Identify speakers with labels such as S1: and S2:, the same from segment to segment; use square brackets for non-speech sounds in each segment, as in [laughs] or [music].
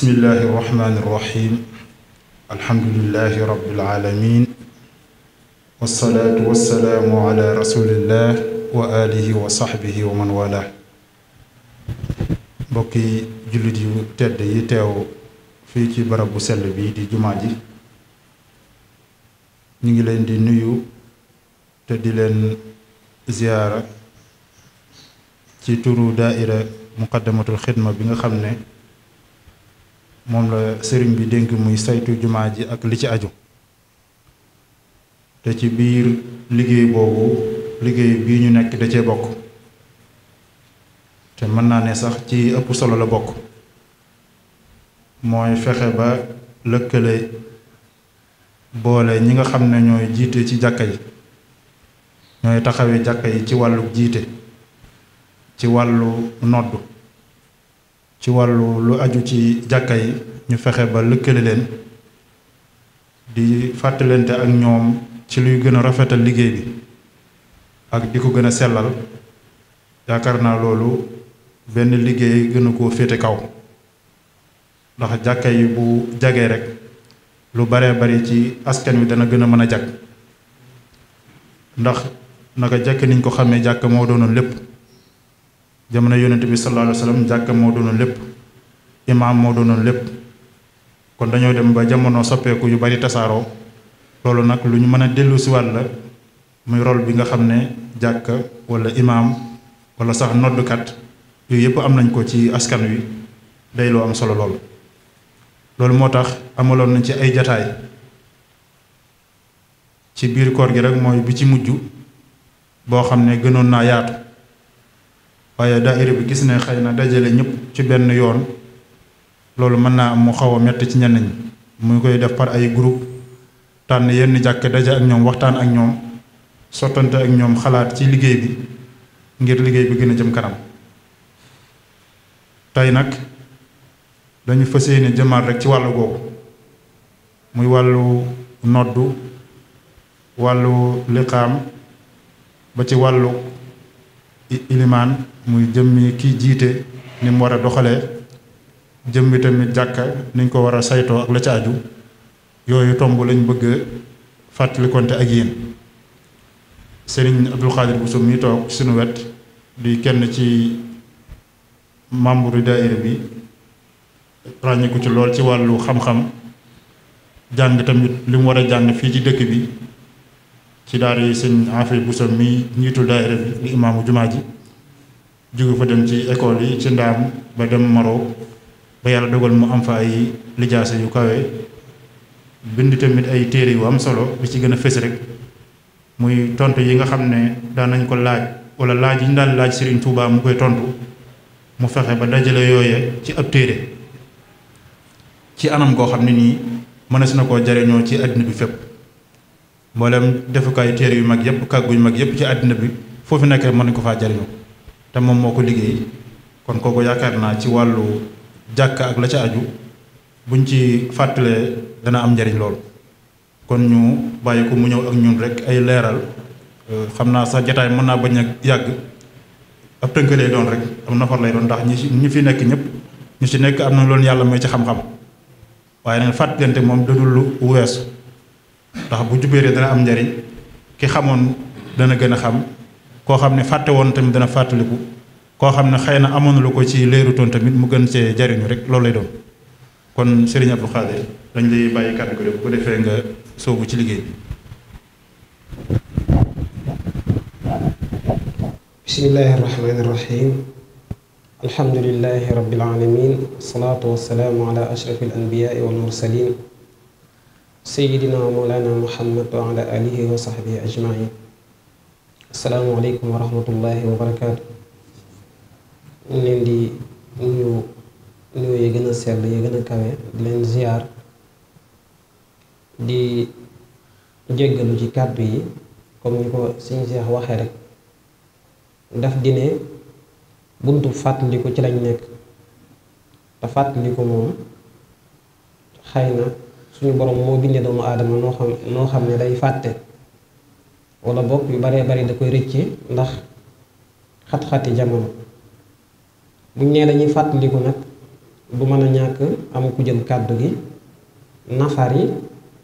S1: bismillahi irrahmani irrahim alhamdulilahi rabilalamin walsalaatu walsalaamu ala rasulillah wa alihi wa saxbihi wa man wala mbokki jullit yu tedd yi teew fii ci barab bu sell bi di jumaa ji ñu ngi leen di nuyu te di leen ziyaara ci turu daaira muqaddamatul xidma bi nga xam ne moom la sëriñ bi dénk muy saytu jumaa ji ak li ci aju te ci biir liggéey boobu liggéey bii ñu nekk da cee bokk te mën naa ne sax ci ëpp solo la bokk mooy fexe ba lëkkale boole ñi nga xam ne ñooy jiite ci jàkka yi ñooy taxawee jàkka yi ci wàllu jiite ci wàllu nodd ci wàllu lu aju ci jàkka yi ñu fexe ba lëkkale leen di fàttalante ak ñoom ci luy gën a rafetal liggéey bi ak di ko gën a sellal yaakaar naa loolu benn liggéey gënu koo féete kaw ndax jàkka yi bu jagee rek lu baree bari ci askan wi dana gën a mën a jag ndax naka jàkk niñ ko xamee jàkk moo doonoon lépp jamono yonent bi sallallahu alayhi wa sallam moo doonoon lépp imaam moo doonoon lépp kon dañoo dem ba jamono soppeeku yu bari tasaaroo loolu nag lu ñu mën a dellu si waat la muy rol bi nga xam ne jàkk wala imaam walla sax noddukat yooyu yëpp am nañ ko ci askan wi day loo am solo lool. loolu moo tax amaloon na ci ay jataay ci biir koor gi rek mooy bi ci mujj boo xam ne gënoon naa yaatu. waaye daayira bi gis ne xëy na dajale ñëpp ci benn yoon loolu mën naa am mu xaw a metti ci ñenn ñi mu koy def par ay groupe tànn yenn jàkk daje ak ñoom waxtaan ak ñoom sottante ak ñoom xalaat ci liggéey bi ngir liggéey bi gën a jëm kanam tey nag dañu fas yéene jëmaat rek ci wàll googu muy wàllu noddu wàllu liqaam ba ci wàllu ilimaan muy jëmmi kii jiite ni mu war a doxalee jëmmi tamit jàkka niñ ko war a saytoo ak la ci aju yooyu tomb lañ bëgg a fàttalikonte ak yéen sëriñ Abdul Xaadir Buso mi toog sunu wet di kenn ci membre yu daayira bi ràññiku ci lool ci wàllu xam-xam jàng tamit li mu war a jàng fii ci dëkk bi ci daara yi sëñ bu Bousso mi njiitu daayira bi di imaamu jumaa ji jóge fa dem ci école yi ci ndaam ba dem Maroc ba yàlla dogal mu am fa ay lijaasa yu kawe bind tamit ay téere yu am solo bi ci gën a fëse rek muy tontu yi nga xam ne daan nañ ko laaj wala laaj yi ñu daan laaj Serigne Touba mu koy tontu mu fexe ba dajale yooye ci ab téere ci anam koo xam ne nii mënees na koo jariñoo ci àddina bi fépp mboolem defukaayu téere yu mag yëpp kàggu yu mag yëpp ci àddina bi foofu nekk rek mën nañu ko faa jariñu te moom moo ko liggéey kon kooku yaakaar naa ci wàllu jàkk ak la ci aju buñ ci fàttalee dana am njariñ lool kon ñu bàyyi ko mu ñëw ak ñun rek ay leeral euh, xam naa sax jataay mën naa bañ a yàgg ab tënk doon rek am nafar lay doon ndax ñi ñu fi nekk ñëpp ñu si nekk am na loolu yàlla mooy ci xam-xam waaye nag fàttalante moom dadul lu weesu ndax bu jubéeree dana am njariñ ki xamoon dana gën a xam koo xam ne fàtte woon tamit dana fàttaliku koo xam ne xëy na amoon lu ko ci leerutoon tamit mu gën cee jariñu rek loolu lay doon kon Serigne Abdou Khadir dañ lay bàyyi kàddu gi bu ko defee nga soobu ci liggéey bi.
S2: bismillahi irrahmani irrahim alhamdulilahi rabil alamin wasalaatu wasalaamu ashraf al anbiyaai wal sayidina mawlana muhammad wa ala alihi wa sahbihi ajmain asalaamualeykum wa rahmatullahi wa barakaatu leen di nuyu nuyu yi gën a sell yi gën a kawe di leen ziar di jéggalu ci kàddu yi comme ni ko suñ seex waxee rek daf dine ne buntu fàttaliku ci lañ nekk te fàttaliku moom xëy na suñu borom moo bindee doomu aadama noo xam noo xam ne day fàtte wala bokk yu baree bari da koy rëcce ndax xat-xati jamono buñ nee dañuy fàttaliku nag du mën a ñàkk am ku jël kàddu gi nafar yi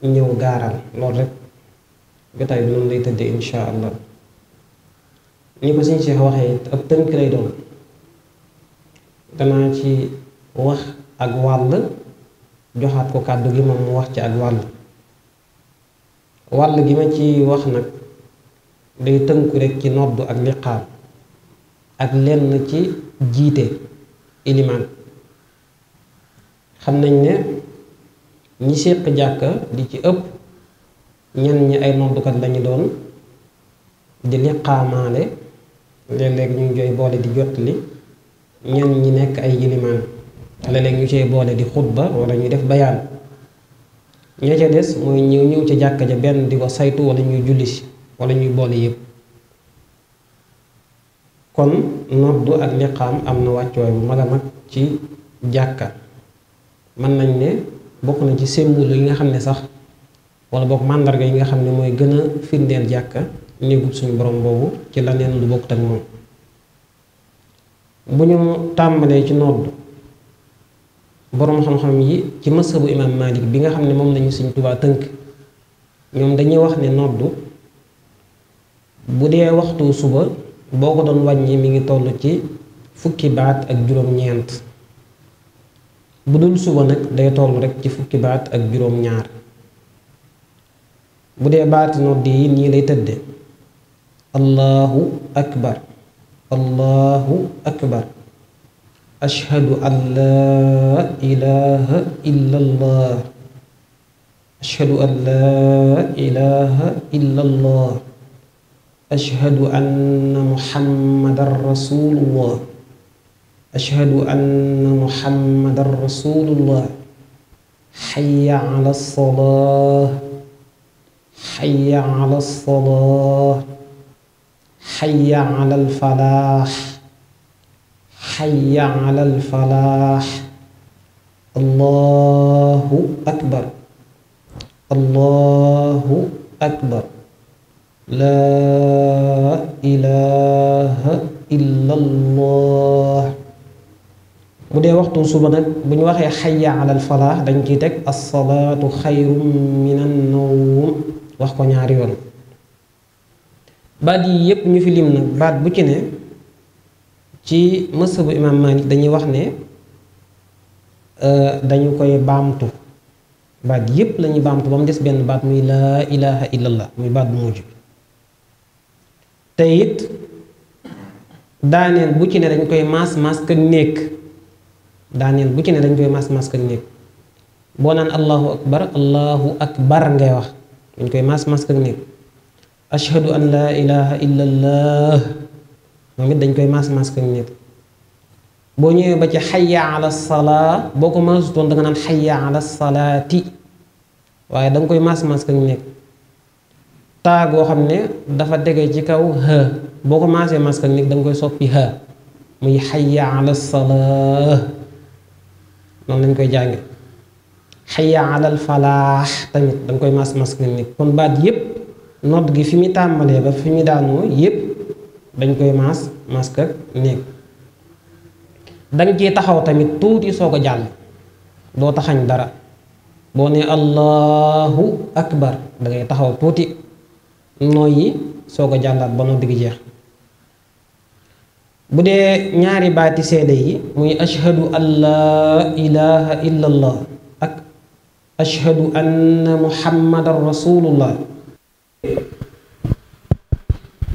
S2: ñëw gaaral loolu rek jotaay bi noonu lay tëddee insha allah ni ko siñ Cheikh waxee ab tënk lay doon danaa ci wax ak wàll joxaat ko kàddu gi moom mu wax ci ak wàll wàll gi ma ci wax nag day tënku rekk ci noddu ak liqaam ak lenn ci jiite ilimaan xam nañ ne ñi séq jàkka di ci ëpp ñenn ñi ay noddukat lañu doon di liqaamaale léeg-léeg ñu ngi jooy boole di jot li ñenn ñi nekk ay ilimaan léeg-léeg ñu cee boole di xutba wala ñuy def bayaan ña ca des mooy ñëw ñëw ci jàkka ja benn di ko saytu wala ñuy julli si wala ñuy boole yépp kon noddu ak liqaam am na wàccuwaay bu mag a mag ci jàkka mën nañ ne bokk na ci symbole yi nga xam ne sax wala bokk màndarga yi nga xam ne mooy gën a firndeel jàkka néegub suñu borom boobu ci laneen lu bokk ak moom bu ñu tàmbalee ci noddu boroom xam-xam yi ci masabu imam malik bi nga xam ne moom nañu Sëriñ Tuubaa tënk ñoom dañuy wax ne noddu bu dee waxtu suba boo ko doon wàññi mi ngi toll ci fukki baat ak juróom bu dul suba nag day toll rek ci fukki baat ak juróom-ñaar bu dee baati nodd yi nii lay tëdde allahu akbar allahu akbar ashhadu an laa ilaaha illallah ashhadu an laa ilaaha illallah ashhadu anna muhammadan rasulullah ashhadu anna muhammadan rasulullah hayya ala salaah hayya ala salaah hayya ala al falaah xayya alal falaax allahu akbar allahu akbar laa ilaaha illallah bu dee waxtu suba nag bu ñu waxee xayya alal falaax dañ ciy teg assalaatu xayrun minan nawm wax ko ñaari yoon baat yi yépp ñu fi nag baat bu ci ne ci mësa bu imaam Malik dañuy wax ne euh, dañu koy baamtu baat yépp lañuy baamtu ba mu des benn baat muy laa ilaha illallah muy baat bu mujj te it daaneel bu ci ne dañ koy maas maas ka néeg bu ci ne dañ koy maas maas néeg boo naan allahu akbar allahu akbar ngay wax dañ koy maas maas ka néeg ashhadu an laa ilaha illallah moom it dañ koy maas maas ko nit boo ñëwee ba ci xayya ala salaa boo ko maasutoon da nga naan xayya ala salaati waaye da koy maas maas ko nekk taa xam ne dafa tege ci kaw boo ko maasee maas koy soppi muy xayya ala salaa noonu lañ koy jànge xayya ala falaax tamit da koy maas maas ko nekk kon baat yépp nodd gi fi muy tàmbalee ba fi muy daanoo yépp dañ koy maas masque ak néeg dañ ciy taxaw tamit tuuti soog a jàll doo taxañ dara boo ne allahu akbar dangay ngay taxaw tuuti nooyi soog a jàllaat ba noo digg jeex bu dee ñaari baati seede yi muy ashhadu an laa ilaha illa allah ak ashhadu anna muhammadan rasulullah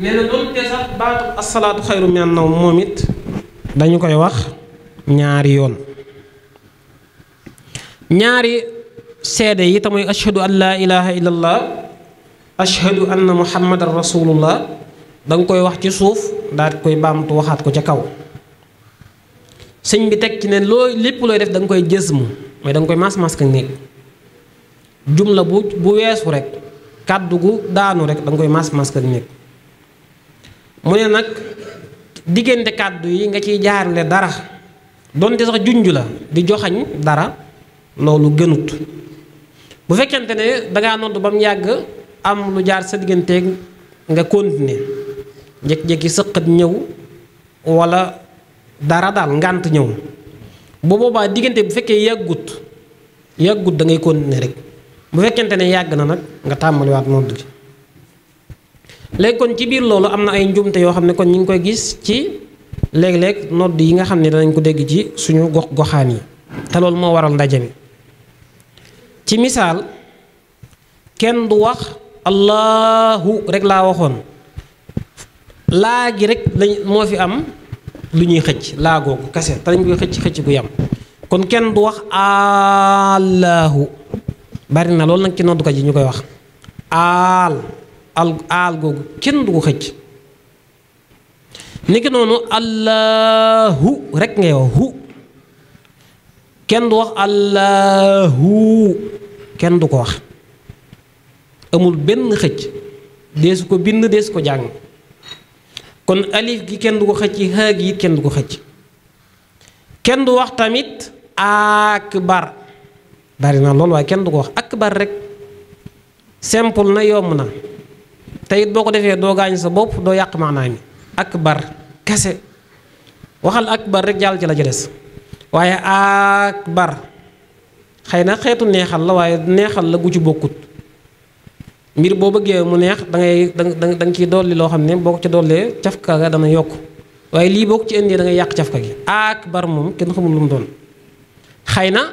S2: nee na sax baatu asalaatu xayru minan nawm moom it dañu koy wax ñaari yoon ñaari seede yi tamuy ashhadu an laa ilaha illallah ashhadu anna muhammadan rasulullah danga koy wax ci suuf daal koy baamtu waxaat ko ca kaw sëñ bi teg ci ne looy lépp looy def danga koy jësmu mooy da koy mas-mas ka néeg jumla bu bu weesu rek kàddu gu daanu rek da koy mas-mas ka néeg mu ne nag diggante kàddu yi nga ciy jaarale dara donte sax junj la di joxañ dara loolu gënut bu fekkente ne dangaa nodd ba mu yàgg am lu jaar sa digganteeg nga continuer jékki-jékki sëqat ñëw wala dara daal ngànt ñëw bu boobaa diggante bu fekkee yàggut yàggut da ngay continuer rek bu fekkente ne yàgg na nag nga tàmbaliwaat nodd gi léegi kon ci biir loolu am na ay njuumte yoo xam ne kon ñu ngi koy gis ci léeg-léeg nodd yi nga xam ne danañ ko dégg ci suñu gox goxaan yi te loolu moo waral ndaje mi ci misaal kenn du wax allahu rek laa waxoon laa gi rek lañ moo fi am lu ñuy xëcc laa googu kase te dañ koy xëcc xëcc gu yam kon kenn du wax allahu bari na loolu nag ci ko ji ñu koy wax aal al aal googu kenn du ko xëcc niki noonu allahu rek ngay wax hu kenn du wax allahu kenn du ko wax amul benn xëcc deesu ko bind deesu ko jàng kon alif gi kenn du ko xëcc haa it kenn du ko xëcc kenn du wax tamit akbar bari na loolu waaye kenn du ko wax akbar rekk simple na yomb na tey it boo ko defee doo gaañ sa bopp doo yàq maanaa mi bar kese waxal akbar rek jàll ci la ci des waaye bar xëy na xeetu neexal la waaye neexal la gu ci bokkut mbir boo bëggee mu neex da ngay da nga da ciy dolli loo xam ne boo ko ci dollee cafka ga dana yokk waaye lii boo ci indee da yàq cafka gi akbar moom kenn xamul lu mu doon xëy na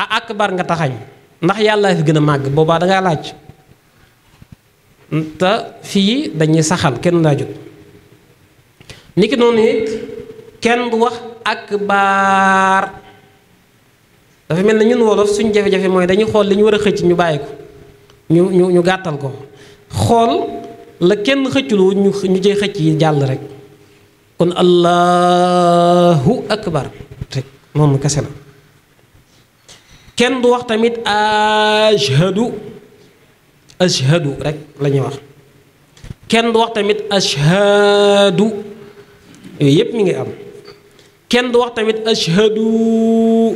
S2: a bar nga taxañ ndax yàlla fi gën a màgg boobaa da ngaa te fii dañuy saxal kenn laa jut niki noonu it kenn du wax akbar dafa mel ne ñun wolof suñ jafe-jafe mooy dañuy xool li war a xëcc ñu bàyyi ko ñu ñu ñu gàttal ko xool la kenn xëccul ñu ñu jee xëcc yi jàll rek kon allahu akbar rek noonu kese la kenn du wax tamit ashhadu ashhadu rek la wax kenn du wax tamit ashhadu yooyu yépp mi ngi am kenn du wax tamit ashhadu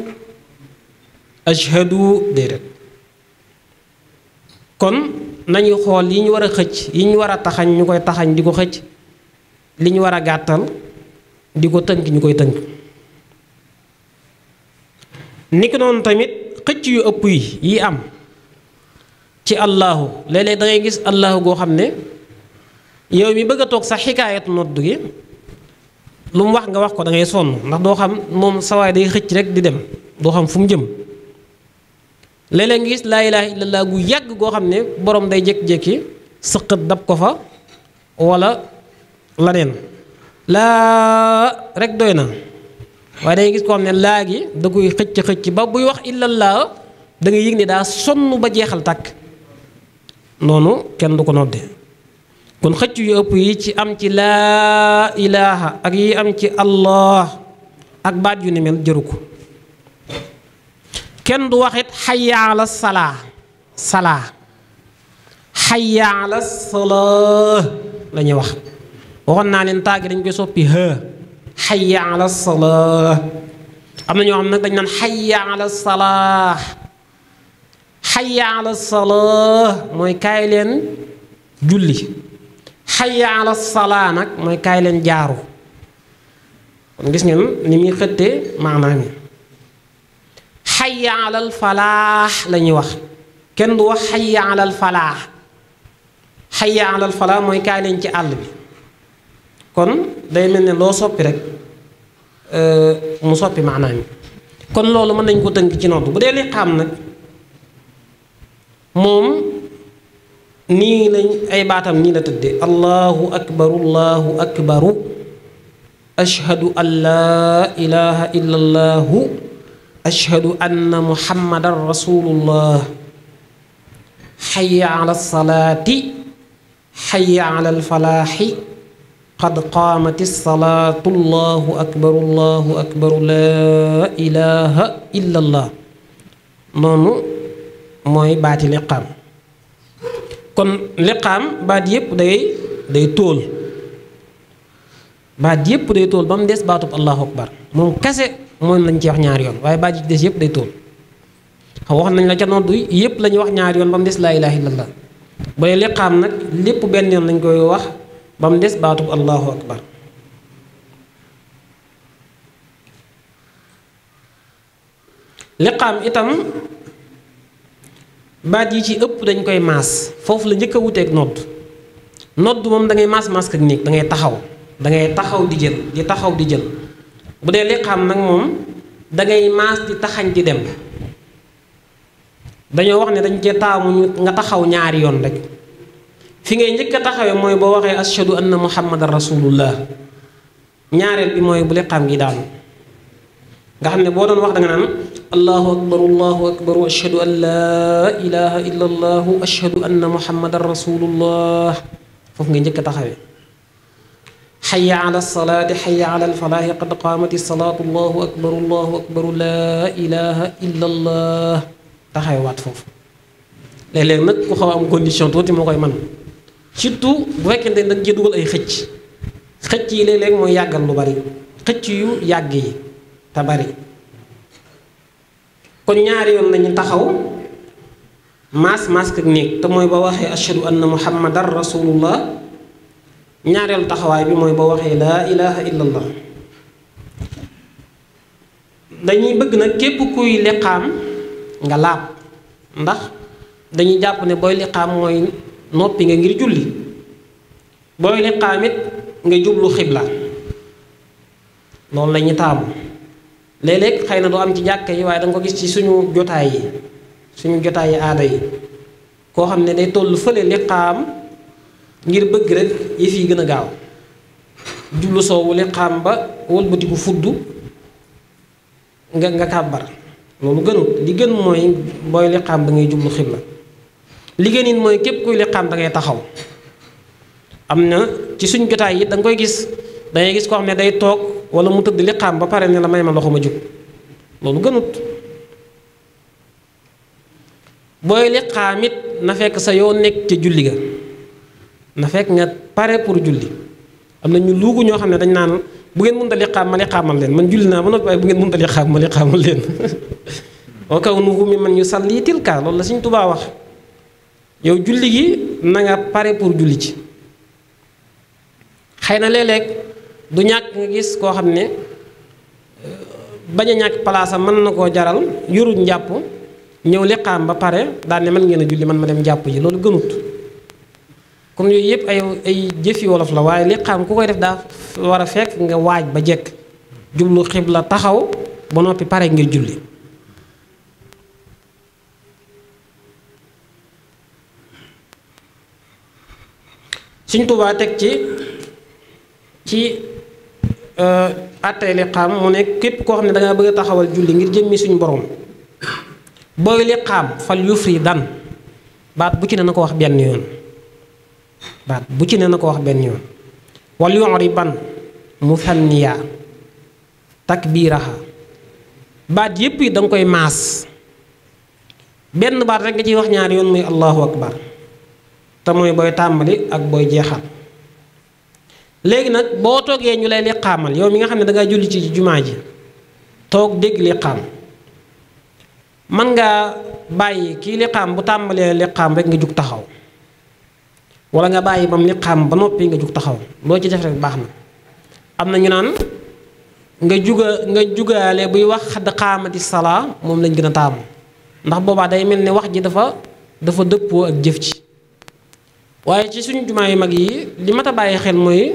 S2: ashhadu déedéet kon nañuy xool yi ñu war a xëcc yi ñu war a taxañ ñu koy taxañ di ko xëcc li ñu war a gàttal di ko tënk ñu koy tënk niki noonu tamit xëcc yu ëpp yi yi am ci allahu léeg-léeg da gis allahu goo xam ne yow mi bëgg a toog sax xikaayat nodd gi lu mu wax nga wax ko dangay sonn ndax doo xam moom sawaay day xëcc rek di dem doo xam fu mu jëm léeg-léeg nga gis laa ilaaha illallaah gu yàgg goo xam ne borom day jékki-jékki sëqat dab ko fa walla wala laneen laa rek doy na waaye da gis koo xam ne laa gi da koy xëcc xëcc ba buy wax illallaah da ngay yëg ne daa sonn ba jeexal tàkk noonu kenn du ko nodde kon xëcc yu ëpp yi ci am ci laa ilaaha ak yi am ci allah ak baat yu ni mel jëru ko kenn du waxit xayya ala salaa salaa xayya ala salaa la ñuy wax waxoon naa leen taagi dañ koy soppi hë xayya ala salaa am na ñoo xam nag dañ naan xayya ala salaa xayya ala salaa mooy kaay leen julli xayya ala salaa nag mooy kaay leen jaaru kon gis ngeen ni muy xëttee maanaam yi xayya falaax la ñuy wax kenn du wax xayya alal falaax xayya falaax mooy kaay leen ci àll bi kon day mel ne loo soppi rek euh, mu soppi maanaam yi kon loolu mën nañ koo tënk ci nodd bu dee liqaam nag moom nii lañ ay baatam nii la tëdde allahu akbaru allahu akbaru ashhadu an laa ilaha illa allahu ashhadu anna muhammadan rasulullah xaya ala alsalaati xaya ala alfalaaxi qad qaamat alsalaatu allahu akbaru allahu akbaru laa ilaha illa allah noonu mooy baati liqaam kon liqaam baat yépp day day tóol baat yépp day tool ba mu des baatub allahu akbar moom kese moom lañ ci wax ñaari yoon waaye baat ji des yépp day tool xaw wax nañ la ca noddu yépp lañuy wax ñaari yoon ba mu des laa ilaha illallah bu dee liqaam nag lépp benn yoon lañ koy wax ba mu des baatub allahu akbar liqaam itam baat yi ci ëpp dañ koy maas foofu la njëkk a wuteeg nodd nodd moom da ngay maas maas ak néeg da taxaw da ngay taxaw di jël di taxaw di jël bu dee liqaam nag moom da ngay maas di taxañ di dem dañoo wax ne dañ cee taamu nga taxaw ñaari yoon rek fi ngay njëkk taxawee mooy boo waxee ashadu anna muhammadan rasulullah ñaareel bi mooy bu liqaam gi daal nga xam ne boo doon wax da nga naan allahu akbar allahu akbar wa foofu nga njëkk a taxawee xaya ala alsalaati xaya ala alfalaahi qad qaamati salaatu allahu akbar allahu akbar laa ilaha illa allah taxawee waat foofu léeg-léeg nag ku xaw a am condition tuuti moo koy mën surtout bu fekkente nag jee dugal ay xëcc xëcc yi léeg-léeg mooy yàggal lu bari xëcc yu yàgg yi te bari kon ñaari yoon lañu taxaw mas mask ak néeg te mooy ba waxee ashhadu anna muhammadan rasulullah ñaareelu taxawaay bi mooy ba waxee laa ilaha illallah dañuy bëgg na képp kuy liqaam nga laab ndax dañuy jàpp ne booy liqaam mooy noppi nga ngir julli booy liqaam it nga jublu xibla loolu lañuy taamu léeg-léeg xëy na du am ci jàkk yi waaye danga ko gis ci suñu jotaay yi suñu jotaay yi aada yi koo xam ne day toll fële liqaam ngir bëgg rek yi fii gën a gaaw jublu soowu liqaam ba wëlbatiku fudd nga nga kàbbar loolu gënut li gën mooy booy liqaam da ngay jublu xibla li gën it mooy képp kuy liqaam da taxaw am na ci suñu jotaay yi danga koy gis da gis koo xam ne day toog wala mu tëdd liqaam ba pare ne la may ma loxo ma jóg loolu gënut booy liqaam it na fekk sa yoo nekk ca julli ga na fekk nga pare pour julli am na ñu luugu ñoo xam ne dañ naan bu ngeen mënta liqaam ma liqaamal leen man julli naa ba noppi waaye bu ngeen mënta liqaam ma liqaamal leen [laughs] wa kawnuhu mimman yusalli tilka loolu la Sëñ Tuubaa wax yow julli gi na nga pare pour julli ci xëy na léeg-léeg du ñàkk nga gis koo xam ne euh, bañ a ñàkk palaasam mën na koo jaral yorul njàpp ñëw liqaam ba pare daal ne mën ngeen a julli man ma dem jàpp yi loolu gënut kon yooyu yëpp ay ay jëfi wolof la waaye liqaam ku koy def daa war a fekk nga waaj ba jekk jublu xibla taxaw ba noppi pare ngir julli Sëñ Tuubaa teg ci ci àttee euh, liqaam mu ne képp koo xam ne dangaa bëgg a taxawal julli ngir jëmmi suñu borom booy liqaam fal yufri dan baat bu ci ne na ko wax benn yoon baat bu ci ne na ko wax benn yoon wal yori ban mu fanniyaa takbiiraha baat yépp yi danga koy maas benn baat rek nga ciy wax ñaari yoon muy allahu akbar te mooy booy tàmbali ak booy jeexal léegi nag boo toogee ñu lay liqaamal yow mi nga xam ne dangay julli ci jumaa ji toog dégg liqaam man nga bàyyi kii liqaam bu tàmbalee liqaam rek nga jug taxaw wala nga bàyyi bam liqaam ba noppi nga jug taxaw loo ci def rek baax na am na ñu naan nga juga nga jugaale buy wax xadd xaamati salaa moom lañ gën a taamu ndax boobaa day mel ni wax ji dafa dafa dëppoo ak jëf ci waaye ci suñu jumaa yu mag yi li mat a bàyyi xel mooy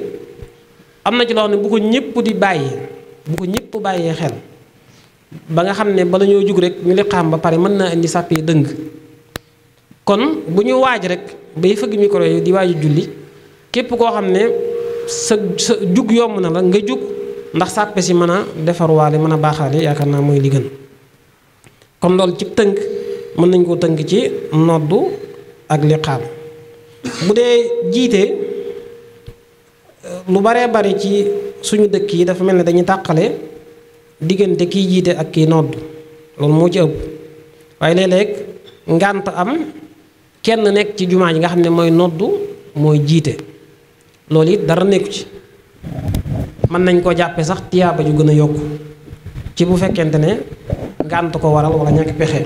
S2: am na ci loo xam ne bu ko ñëpp di bàyyi bu ko ñëpp bàyyee xel ba nga xam ne bala ñoo jug rek ñu liqaam ba pare mën naa indi sàppe dëng kon bu ñu waaj rek bay fëgg micro yi di waaju julli képp koo xam ne sa sa jug yomb na la nga jug ndax sàppe si mën a defar waale mën a baaxaale yaakaar naa mooy li gën kon loolu ci tënk mën nañ koo tënk ci noddu ak liqaam bu dee jiite lu baree bari ci suñu dëkk yi dafa mel ne dañuy tàqale diggante kiy jiite ak kiy nodd loolu moo ci ëpp waaye léeg-léeg ngànt am kenn nekk ci jumaa ji nga xam ne mooy nodd mooy jiite loolu it dara nekku ci mën nañ koo jàppee sax tiyaaba ju gën a yokk ci bu fekkent ne ngànt ko waral wala ñàkk pexe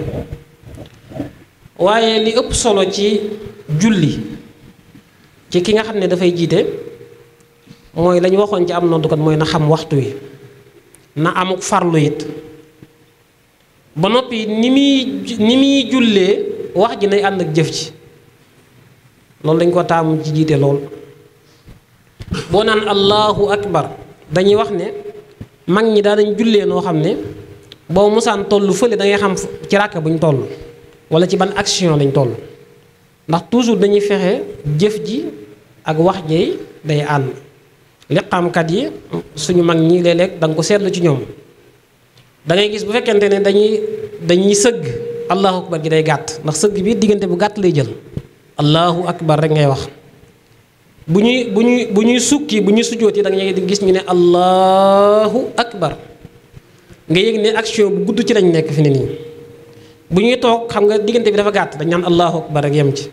S2: waaye li ëpp solo ci julli ci ki nga xam ne dafay jiite mooy la waxoon ci am noddukat mooy na xam waxtu wi na amuk farlu it ba noppi ni muy ni muy jullee wax ji nay ànd ak jëf ci loolu dañ ko taamu ci jiite lool boo naan allahu akbar dañuy wax ne mag ñi daa dañ jullee noo xam ne boo mosaan tollu fële dangay xam ci ràkk bu ñu toll wala ci ban action lañ toll ndax toujours dañuy fexe jëf ji ak wax jey day ànd liqaamkat yi suñu mag ñi léeg-léeg da nga ko seetlu ci ñoom dangay gis bu fekkente ne dañuy dañuy sëgg allahu akbar gi day gàtt ndax sëgg bi diggante bu gàtt lay jël allahu akbar rek ngay wax bu ñuy bu ñuy bu ñuy sukki bu ñuy sujjóot yi da ngay gis ñu ne allahu akbar nga yëg ne action bu gudd ci lañ nekk fi ne nii bu ñuy toog xam nga diggante bi dafa gàtt dañ naan allahu akbar rek yem ci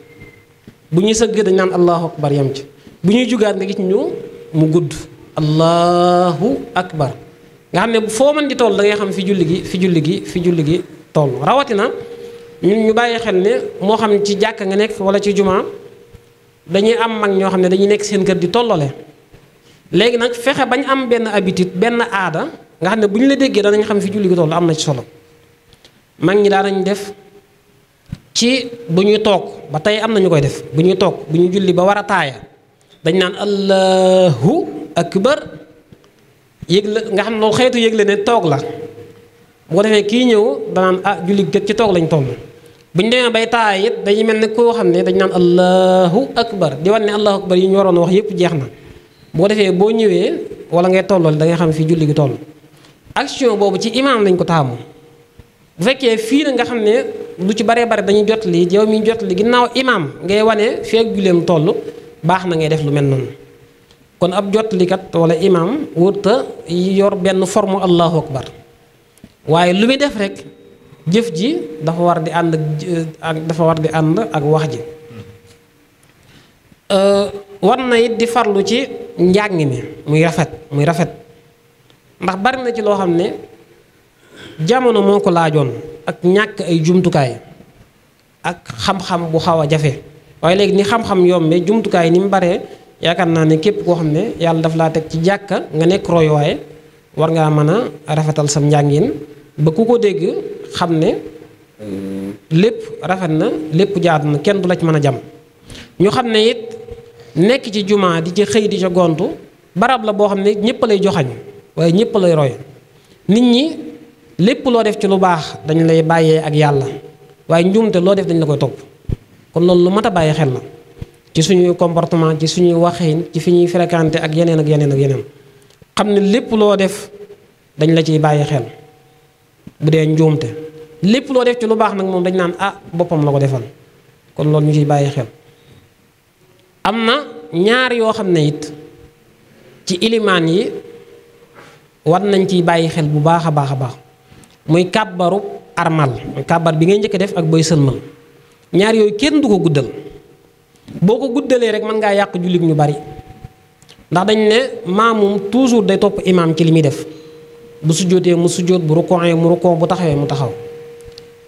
S2: bu ñuy sëgg dañ naan allahu akbar yam ci bu ñuy jugaat nga gis ñu mu gudd allahu akbar nga xam ne foo mën di toll da ngay xam fi julli gi fi julli gi fi julli gi toll rawatina ñun ñu bàyyi xel ne moo xam ci jàkka nga nekk wala ci jumaa dañuy am mag ñoo xam ne dañuy nekk seen kër di tollale léegi nag fexe bañ am benn habitude benn aada nga xam ne bu ñu la déggee danañ xam fi julli gi toll am na ci solo mag ñi daanañ def ci bu ñuy toog ba tey am na ñu koy def bu ñuy toog bu ñu julli ba war a taaya dañ naan allahu akbar yëgle nga xam loolu xeetu yëg ne toog la bu ko kii ñëw danaan ah julli gët ci toog lañ toll bu ñu demee bay taaya it dañuy mel ne koo xam ne dañ naan allahu akbar di wan ne allahu akbar yi ñu waroon wax yépp jeex na boo defee boo ñëwee wala ngay tollool da ngay xam fi julli gi toll action boobu ci imaam lañ ko taamu bu fekkee fii na nga xam ne lu ci baree bare dañuy jotli lii yow miy jot ginnaaw imaam ngay wane feeg juleem toll baax na ngay def lu mel noonu kon ab jotlikat wala imaam wërta yor benn forme allahu akbar waaye lu muy def rekk jëf ji dafa war di ànd ak dafa war di ànd ak wax ji war na it di farlu ci njàng mi muy rafet muy rafet ndax bari na ci loo xam ne jamono moo ko laajoon ak ñàkk ay jumtukaay ak xam-xam bu xaw a jafe waaye léegi ni xam-xam yombee jumtukaay ni mu baree yaakaar naa ne képp koo xam ne yàlla daf laa teg ci jàkka nga nekk royuwaay war ngaa mën a rafetal sam njàngin ba ku ko dégg xam ne lépp rafet na lépp jaadu na kenn du la ci mën a jam ñu xam ne it nekk ci jumaa di ci xëy di ca gontu barab la boo xam ne ñëpp lay joxañ waaye ñëpp lay roy nit ñi lépp loo def ci lu baax dañu lay bàyyee ak yàlla waaye njuumte loo def dañu la koy topp kon loolu lu mat a bàyyi xel la ci suñuy comportement ci suñuy waxin ci fi ñuy fréquenté ak yeneen ak yeneen ak yeneen xam ne lépp loo def dañ la ciy bàyyi xel bu dee njuumte lépp loo def ci lu baax nag moom dañ naan ah boppam la ko defal kon loolu ñu ciy bàyyi xel am na ñaar yoo xam ne it ci ilimaan yi war nañ ciy bàyyi xel bu baax a baax a baax muy kàbbaru armal muy kàbbar bi ngay njëkk def ak booy sëlmal ñaar yooyu kenn du ko guddal boo ko guddalee rek mën ngaa yàq jullit ñu bari ndax dañ ne maamum toujours day topp imaam ci li muy def bu sujjóotee mu sujjóot bu rukkooee mu rukkoo bu taxawee mu taxaw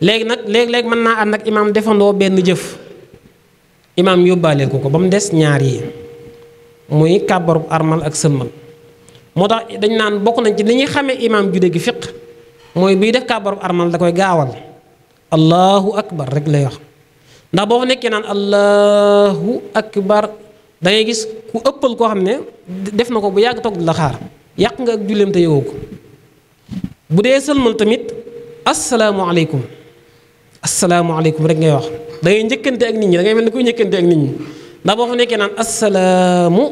S2: léegi nag léeg-léeg mën naa ànd ak imaam defandoo benn jëf imaam yóbbaale ko ko ba mu des ñaar yi muy kàbbarub armal ak sëmmal moo tax dañ naan bokk nañ ci li ñuy xamee imaam jude gi fiq mooy buy def kàbbaru armal da koy gaawal allahu akbar rek lay wax ndax boo fa nekkee naan allahu akbar da ngay gis ku ëppal koo xam ne def na ko bu yàgg toog di la xaar yàq nga ak julleem te yowoo ko bu dee sëlmal tamit asalaamualeykum asalaamualeykum rek ngay wax da njëkkante ak nit ñi da mel ni kuy njëkkante ak nit ñi ndax boo fa nekkee naan asalaamu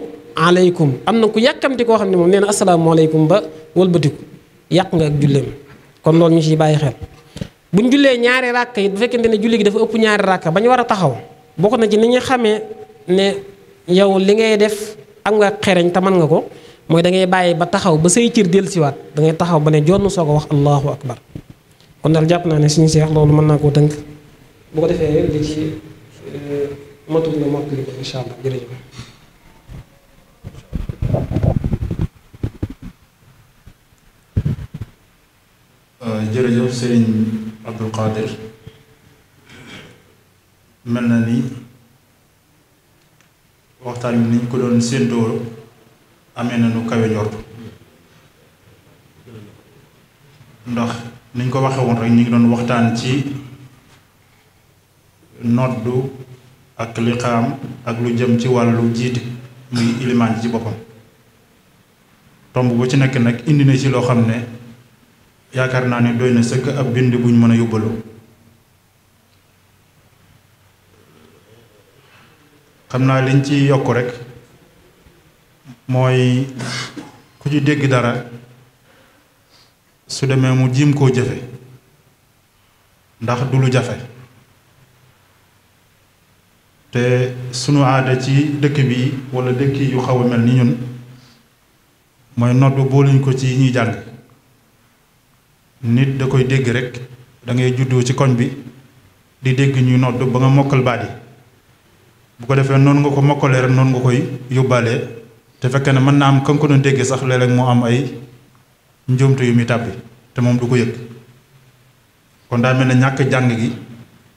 S2: aleykum am na ku yàkkamti koo xam ne moom nee na asalaamualeykum ba wëlbatiku yàq nga ak julleem kon loolu ñu ciy bàyyi xel bu ñu jullee ñaari ràkk yi bu fekkente ne julli gi dafa ëpp ñaari ràkk ba ñu war a taxaw bokk na ci ni ñu xamee ne yow li ngay def am nga xereñ te mën nga ko mooy da ngay bàyyi ba taxaw ba say cër dellusiwaat da ngay taxaw ba ne jonn soog a wax allahu akbar kon daal jàpp naa ne suñu seex loolu mën naa koo tënk ko defee li ci euh, allah jërëjëf
S1: Euh, jërëjëf sëriñ Abdul Qadir mel na ni waxtaan wi niñ ko doon séentoo amee na nu kawe njort ndax niñ ko waxee rek ñu ngi doon waxtaan ci noddu ak liqaam ak lu jëm ci wàllu jiite muy ilimaan ji ci boppam tomb bu ci nekk nag indi na ci loo xam ne yaakaar naa ne doy na sëkk ab bind bu ñu mën a yóbbaloo xam naa liñ ci yokk rek mooy ku ci dégg dara su demee mu jiim koo jëfe ndax du lu jafe te sunu aada ci dëkk bi wala dëkk yu xaw a mel ni ñun mooy nodd booluñ ko ci ñuy jàng nit da koy dégg rek dangay ngay ci koñ bi di dégg ñuy nodd ba nga mokkal baat bu ko defee noonu nga ko mokkalee rek noonu nga koy yóbbaalee te fekkee ne mën naa am kan ko doon déggee sax léeg-léeg moo am ay njuumte yu muy te moom du ko yëg kon daa mel ne ñàkk jàng gi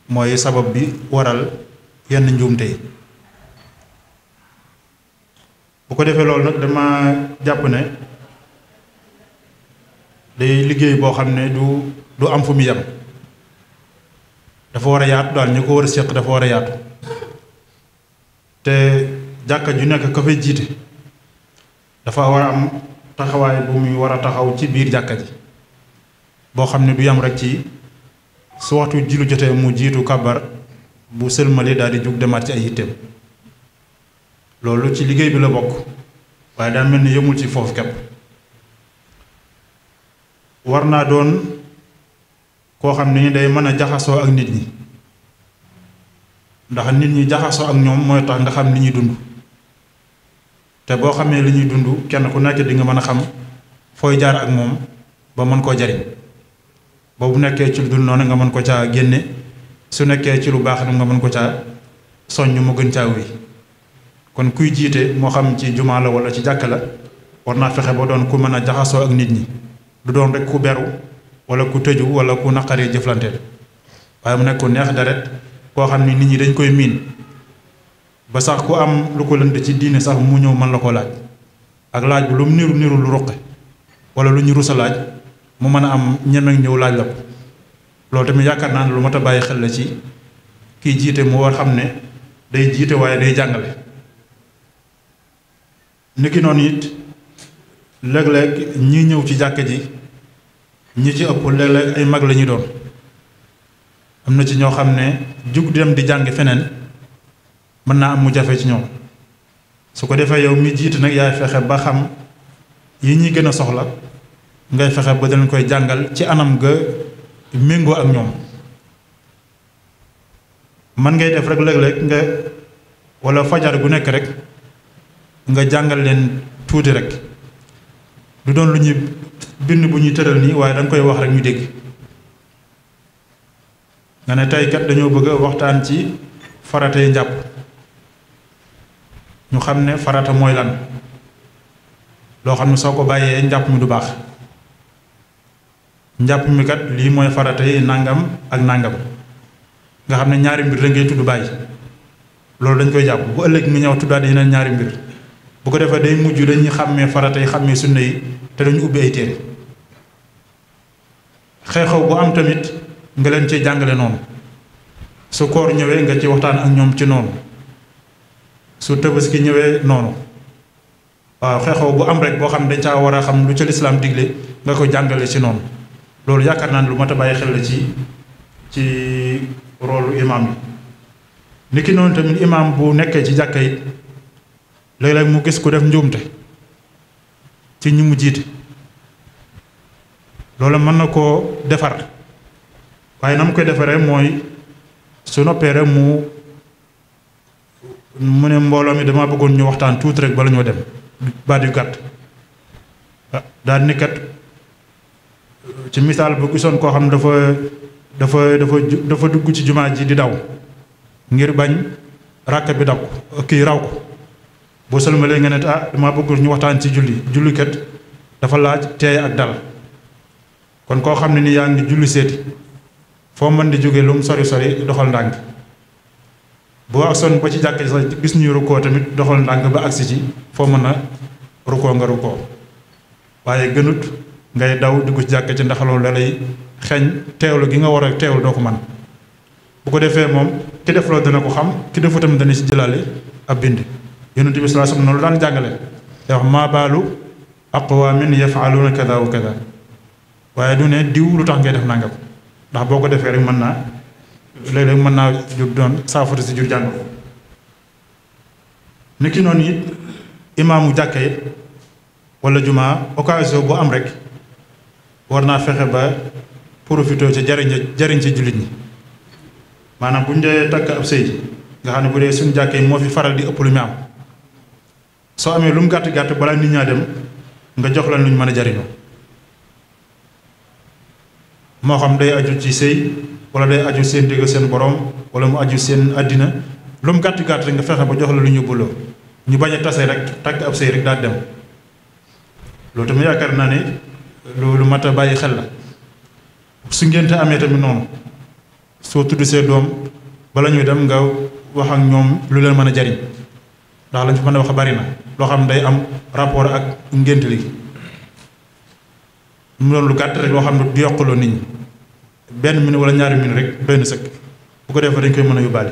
S1: mooy sabab bi waral yenn njuumte yi bu ko defee loolu nag dama jàpp ne day liggéey boo xam ne du du am fu mu yem dafa war a yaat daal ñu ko war a séq dafa war a yaatu te jàkka ju nekk ka fay jiite dafa war a am taxawaay bu muy war a taxaw ci biir jàkka ji boo xam ne du yam rek ci su waxtu jilu jotee mu jiitu kabar bu sëlmali daal di jug demaat ci ay yitteem loolu ci liggéey bi la bokk waaye daa mel ni yëmul ci foofu képp war naa doon koo xam ne ñu day mën a jaxasoo ak nit ñi ndax nit ñi jaxasoo ak ñoom mooy tax nga xam li ñuy dund te boo xamee li ñuy dund kenn ku nekk di nga mën a xam fooy jaar ak moom ba mën koo jariñ ba bu nekkee ci lu dul noonu nga mën ko caa génne su nekkee ci lu baax na nga mën ko caa soññ mu gën caa wi kon kuy jiite moo xam ci jumaa la wala ci jàkka la war naa fexe ba doon ku mën a jaxasoo ak nit ñi du doon rek ku beru wala ku tëju walla ku naqaree jëflanteel waaye mu nekk ku neex deret koo xam ni nit ñi dañ koy miin ba sax ku am lu ko lënd ci diine sax mu ñëw mën la ko laaj ak laaj bu lu niru niru lu ruqe wala lu ñu rusa laaj mu mën a am ñemeeg ñëw laaj la ko loolu tamit yaakaar naa ne lu mat a bàyyi xel la ci kii jiite mu war xam ne day jiite waaye day jàngale niki léeg-léeg ñi ñëw ci jàkka ji ñi ci ëpp léeg ay mag la ñu doon am na ci ñoo xam ne jug dem di jàng feneen mën naa am mu jafe ci ñoom su ko defee yow mi jiitu nag yaay fexe ba xam yi ñuy gën a soxla ngay fexe ba dañ koy jàngal ci anam ga méngoo ak ñoom mën ngay def rek léeg nga walla fajar gu nekk rek nga jàngal leen tuuti rek lu doon lu ñuy bind bu ñuy tëral nii waaye da koy wax rek ñu dégg nga ne tey kat dañoo bëgg a waxtaan ci faratay jàpp ñu xam ne farata mooy lan loo xam ne soo ko bàyyee njàpp mi du baax njàpp mi kat lii mooy faratay nàngam ak nàngam nga xam ne ñaari mbir la ngay tudd bàyyi loolu dañ koy jàpp bu ëllëg mi ñëw tuddaat yeneen ñaari mbir bu ko defee day mujj dañuy xàmmee faratay xàmmee sunna yi te dañu ubbi ay téere xew bu am tamit nga leen ci jàngale noonu su koor ñëwee nga ci waxtaan ak ñoom ci noonu su tabaski ñëwee noonu waaw xew bu am rek boo xam ne dañ caa war a xam lu ca lislaam digle nga ko jàngale ci noonu loolu yaakaar naa ne lu mat a bàyyi xel la ci ci roolu imaam yi ki noonu tamit imaam bu nekkee ci jàkka yi léeg-léeg mu gis ku def njuumte ci ñi mu jiite loolu mën na koo defar waaye na mu koy defaree mooy su noppee rek mu mu ne mbooloo mi dama bëggoon ñu waxtaan tuuti rek bala ñoo dem baat yu gàtt ah, daal ni kat ci misaal bu gisoon koo xam dafa dafa dafa dafa dugg ci jumaa ji di daw ngir bañ ràkk bi daw kii raw ko boo sëlmalee nga ne ah damaa bëgg ñu waxtaan ci julli julli kat dafa laaj teey ak dal kon koo xam ne ni yaa ngi julli seeti foo mën di jóge lu mu sori sori doxal ndànk boo ak son ba ci jàkk sax gis tamit doxal ndànk ba agsi ci foo mën a rukkoo nga rukkoo waaye gënut ngay daw dugg ci jàkk ci ndax loolu lay xeeñ teewlu gi nga war a teewlu doo ko man bu ko defee moom ki def loolu dana ko xam ki defu tamit dana ci jëlaale ab bind yonent bi sallallahu alayhi wasallam noonu la daan jàngale te wax maa baalu aqwaamin yaf'aluuna kadaa wa kadaa waaye du ne diw lu tax ngay def nangam ndax boo ko defee rek mën naa léeg mën naa jur doon saafara si jur jàng ko ni ki noonu it imaamu jàkka yi wala jumaa occasion bu am rek war naa fexe ba profité ci jariñ jariñ ci jullit ñi maanaam bu ñu takk ab sëy nga xam ne bu dee suñu jàkka moo fi faral di ëpp lu mu am soo amee lu mu gàtt gàtt balaa nit ñaa dem nga jox leen luñ mën a jariñoo moo xam day aju ci sëy wala day aju seen dégg seen borom wala mu aju seen àddina lu mu gàtt gàtt rek nga fexe ba jox la lu ñu buloo ñu bañ a tase rek takk ab sëy rek daal dem loolu tamit yaakaar naa ne lu mat a bàyyi xel la su ngénte amee tamit noonu soo tudd see doom bala ñuy dem nga wax ak ñoom lu leen mën a jariñ ndax lañ fi mën a wax bari na loo xam ne day am rapport ak ngént li mu doon lu gàtt rek loo xam ne du yokkaloo nit ñi benn minu wala ñaari minute rek doy na sëkk bu ko defee dañ koy mën a yóbbaale.